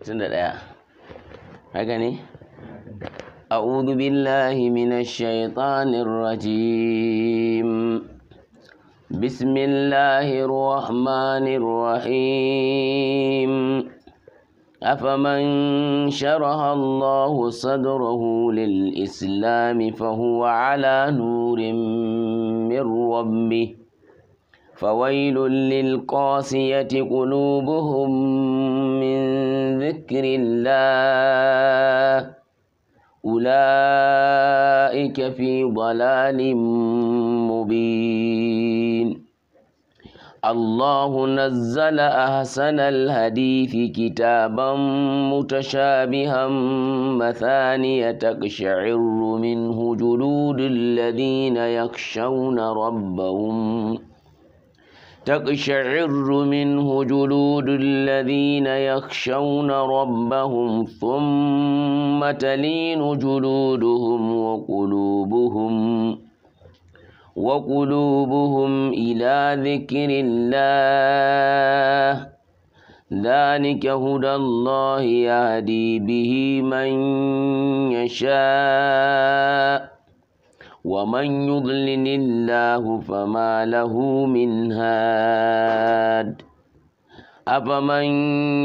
61 haka ne أعوذ بالله من الشيطان الرجيم بسم الله الرحمن الرحيم أفمن شرح الله صدره للإسلام فهو على نور من ربه فويل للقاسية قلوبهم من ذكر الله أولئك في ضلال مبين الله نزل أحسن الحديث كتابا متشابها مثانية تقشعر منه جلود الذين يخشون ربهم تقشعر منه جلود الذين يخشون ربهم ثم تلين جلودهم وقلوبهم وقلوبهم إلى ذكر الله ذلك هدى الله يهدي به من يشاء ومن يضلل الله فما له من هاد أفمن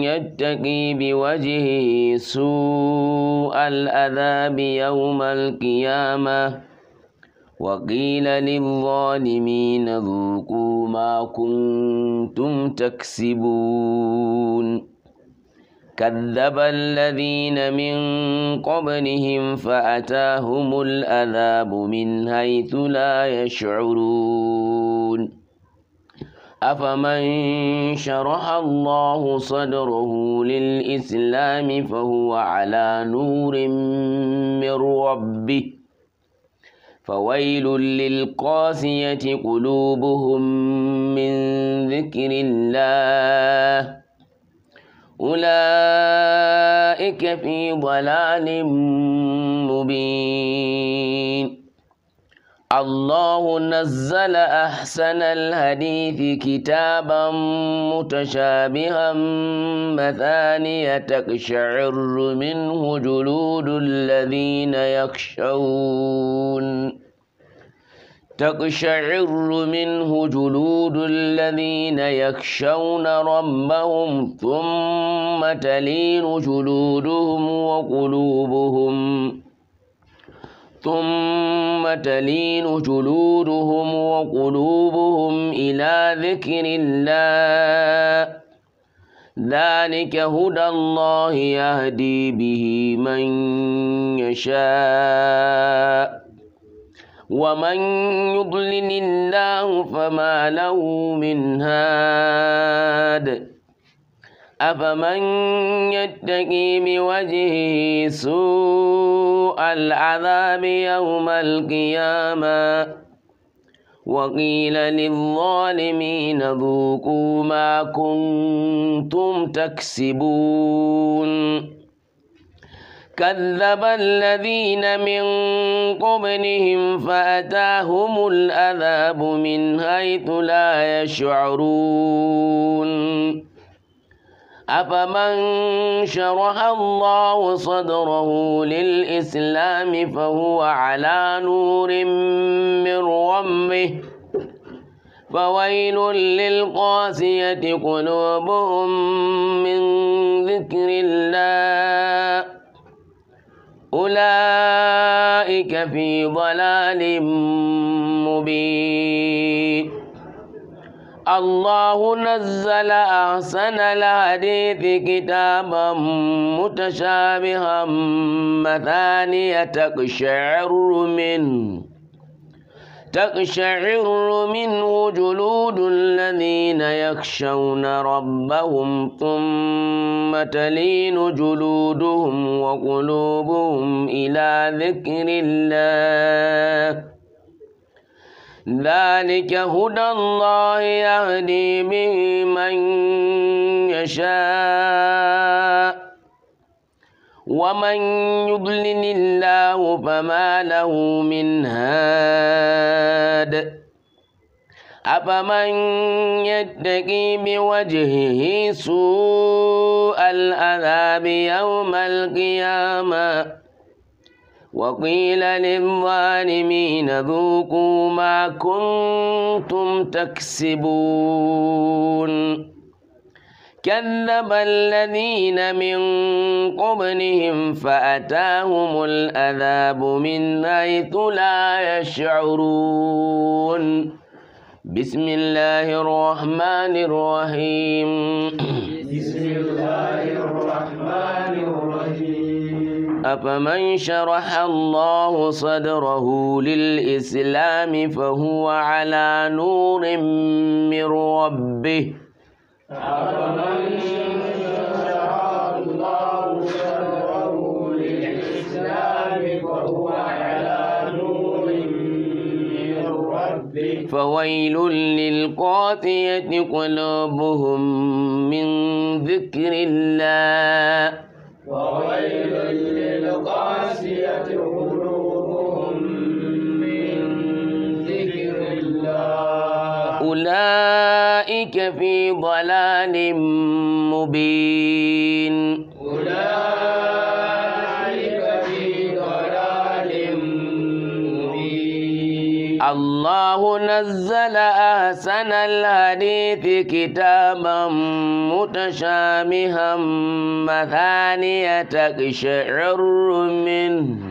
يتقي بوجهه سوء العذاب يوم القيامة وقيل للظالمين ذوقوا ما كنتم تكسبون كذب الذين من قبلهم فأتاهم الأذاب من حيث لا يشعرون أفمن شرح الله صدره للإسلام فهو على نور من ربه فويل للقاسية قلوبهم من ذكر الله أولئك في ضلال مبين الله نزل أحسن الحديث كتابا متشابها مثانية تقشعر منه جلود الذين يخشون تقشعر منه جلود الذين يخشون ربهم ثم تلين جلودهم وقلوبهم ثم تلين جلودهم وقلوبهم إلى ذكر الله ذلك هدى الله يهدي به من يشاء ومن يضلل الله فما له من هاد أفمن يتقي بوجهه سوء العذاب يوم القيامة وقيل للظالمين ذوقوا ما كنتم تكسبون كذب الذين من قبلهم فأتاهم العذاب من حيث لا يشعرون أفمن شرح الله صدره للإسلام فهو على نور من ربه فويل للقاسية قلوبهم من ذكر الله أولئك في ضلال مبين الله نزل أحسن الحديث كتابا متشابها مثانية تقشعر منه تقشعر منه جلود الذين يخشون ربهم ثم تلين جلودهم وقلوبهم إلى ذكر الله ذلك هدى الله يهدي به من يشاء ومن يضلل الله فما له من هاد أفمن يتقي بوجهه سوء العذاب يوم القيامة وقيل للظالمين ذوقوا ما كنتم تكسبون كذب الذين من قبلهم فأتاهم الأذاب من حيث لا يشعرون بسم الله الرحمن الرحيم بسم الله الرحمن الرحيم أفمن شرح الله صدره للإسلام فهو على نور من ربه الله شرعه للإسلام فهو على نور من فويل للقاطية قلوبهم من ذكر الله فويل للقاسية قلوبهم من ذكر الله أولئك في ضلال مبين أولئك في ضلال مبين الله نزل أحسن الحديث كتابا متشابها مثانية تقشعر منه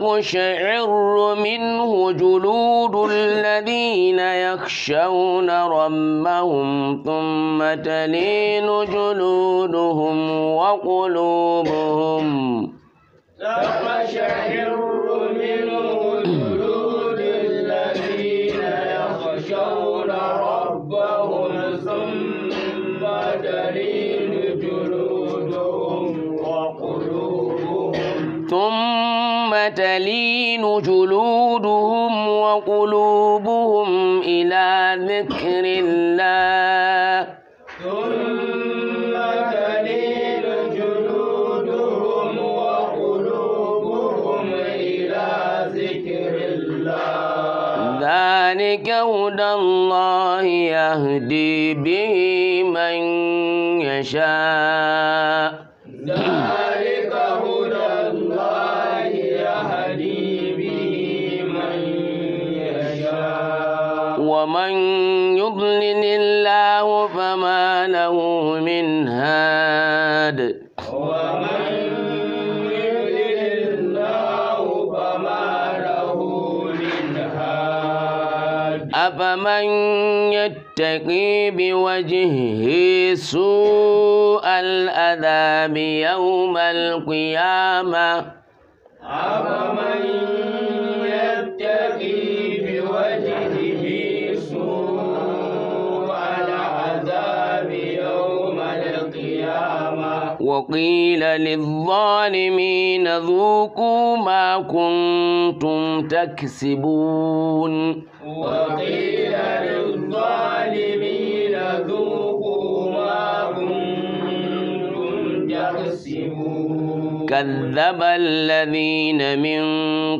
تقشعر منه جلود الذين يخشون ربهم ثم تلين جلودهم وقلوبهم تقشعر منه تلين جلودهم وقلوبهم إلى ذكر الله ثم تلين جلودهم وقلوبهم إلى ذكر الله ذلك هدى الله يهدي به من يشاء وما له من هاد أفمن يتقي بوجهه سوء الأذاب يوم القيامة أفمن يتقي بوجهه سوء الأذاب يوم القيامة وقيل للظالمين ذوقوا ما كنتم تكسبون وقيل للظالمين ذوقوا ما كنتم تكسبون كذب الذين من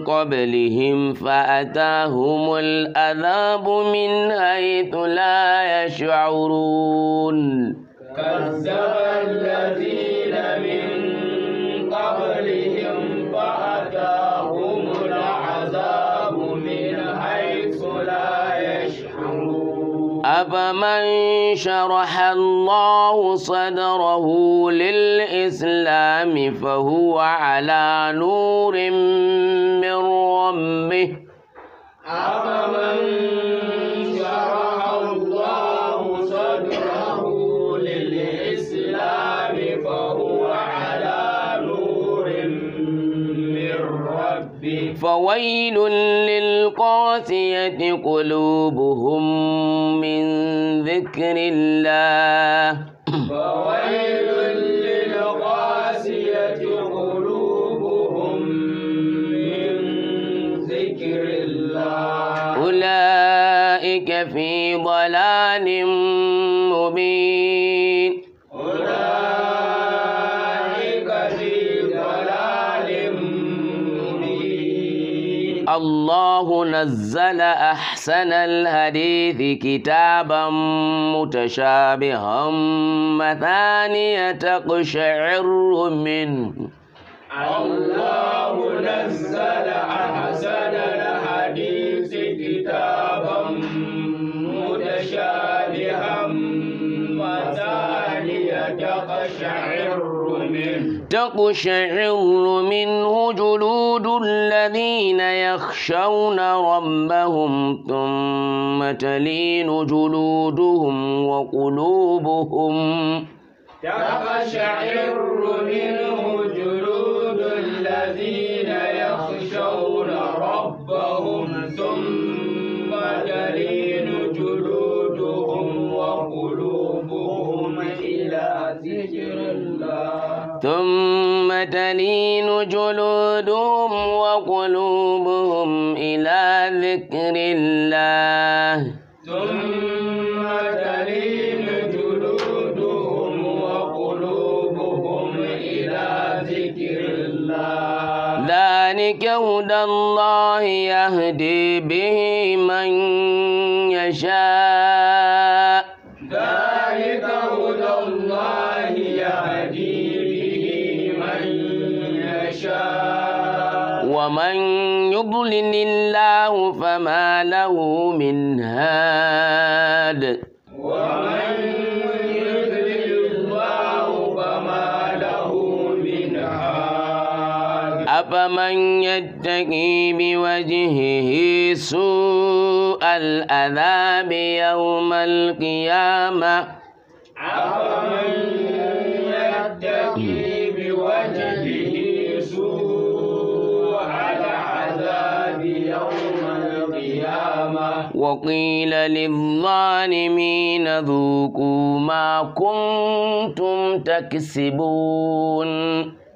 قبلهم فأتاهم العذاب من حيث لا يشعرون كذب الذين فمن شرح الله صدره للإسلام فهو على نور من ربه فويل للقاسية قلوبهم من ذكر الله الله نزل أحسن الحديث كتابا متشابها مثانية تقشعر منه الله نزل أحسن تقشعر منه جلود الذين يخشون ربهم ثم تلين جلودهم وقلوبهم تقشعر منه جلود الذين يخشون ربهم وتلين جلودهم وقلوبهم إلى ذكر الله ثم تلين جلودهم وقلوبهم إلى ذكر الله ذلك هدى الله يهدي به من يشاء يضلل الله فما له من هاد ومن يضلل الله فما له من هاد أفمن يتقي بوجهه سوء العذاب يوم القيامة وقيل للظالمين ذوقوا ما كنتم تكسبون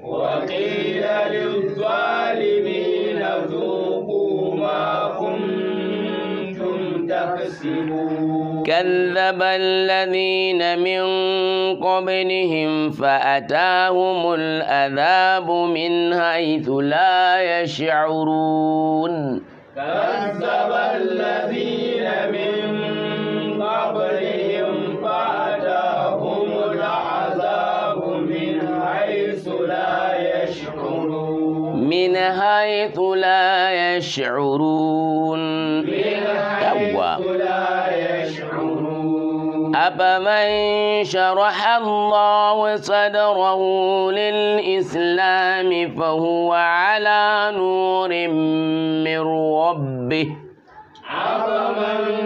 وقيل للظالمين ذوقوا ما كنتم تكسبون كذب الذين من قبلهم فأتاهم العذاب من حيث لا يشعرون كذب الذين من حيث لا يشعرون من حيث لا يشعرون أفمن شرح الله صدره للإسلام فهو على نور من ربه أفمن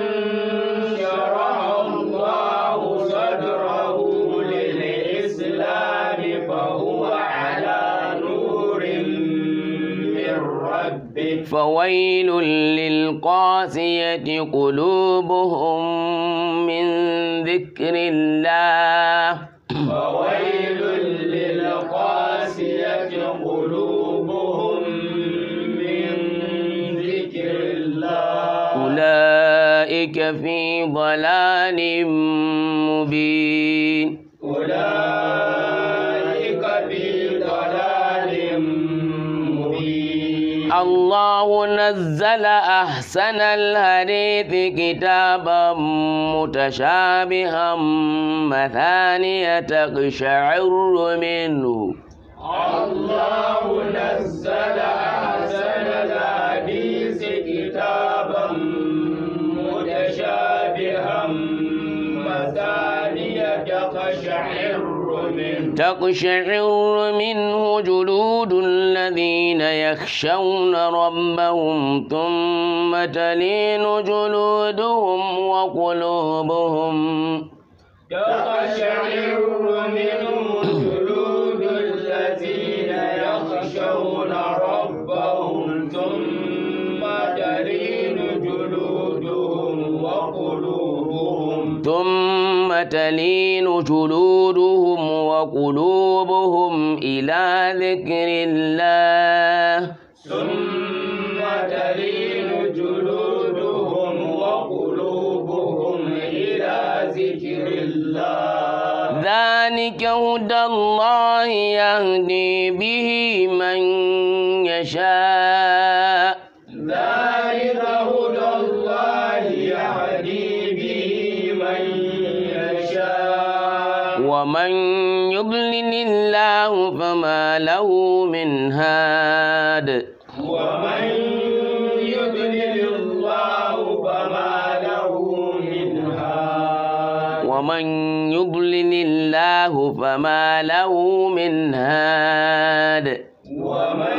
ربك فويل للقاسية قلوبهم من ذكر الله فويل للقاسية قلوبهم من ذكر الله أولئك في ضلال مبين الله نزل أحسن الحديث كتابا متشابها مثانية تقشعر منه الله نزل أحسن تقشعر منه جلود الذين يخشون ربهم ثم تلين جلودهم وقلوبهم تقشعر منه جلود الذين يخشون ربهم ثم تلين جلودهم وقلوبهم ثم تلين جلودهم وقلوبهم إلى ذكر الله ثم تلين جلودهم وقلوبهم إلى ذكر الله ذلك هدى الله يهدي به من يشاء ومن يضلل الله فما له من هاد ومن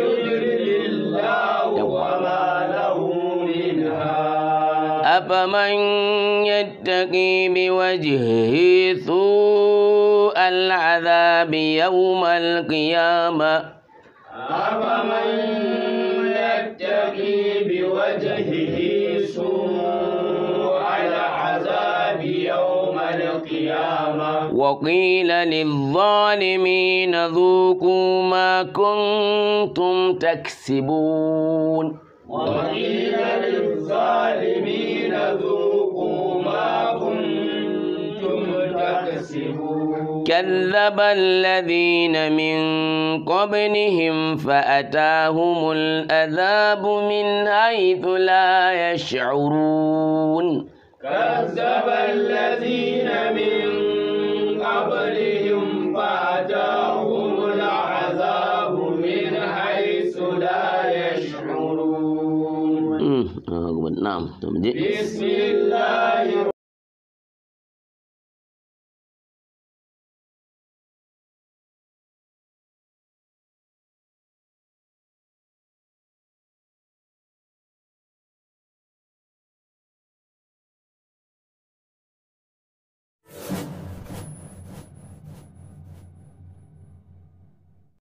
يضلل الله فما له من هاد أفمن يتقي بوجهه سوء العذاب يوم القيامة أفمن يتقي بوجهه وقيل للظالمين ذوقوا ما كنتم تكسبون وقيل للظالمين ذوقوا ما كنتم تكسبون كذب الذين من قبلهم فأتاهم العذاب من حيث لا يشعرون كذب الذين من قبلهم فأتاهم العذاب من حيث لا يشعرون آه، نعم. بسم الله